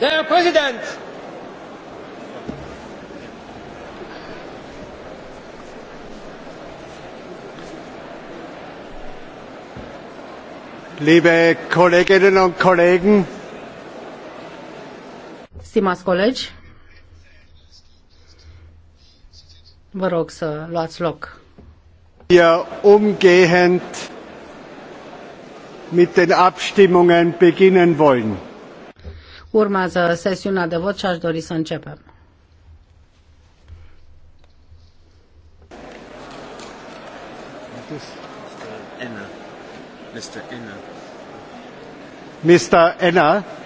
Der Präsident! Liebe Kolleginnen und Kollegen, Stimați colegi, vă rog să luați loc. Wir umgehend mit den Abstimmungen beginnen wollen. Urmează sesiunea de vot și aș dori să începem. Mr. Enna. Mr. Enna.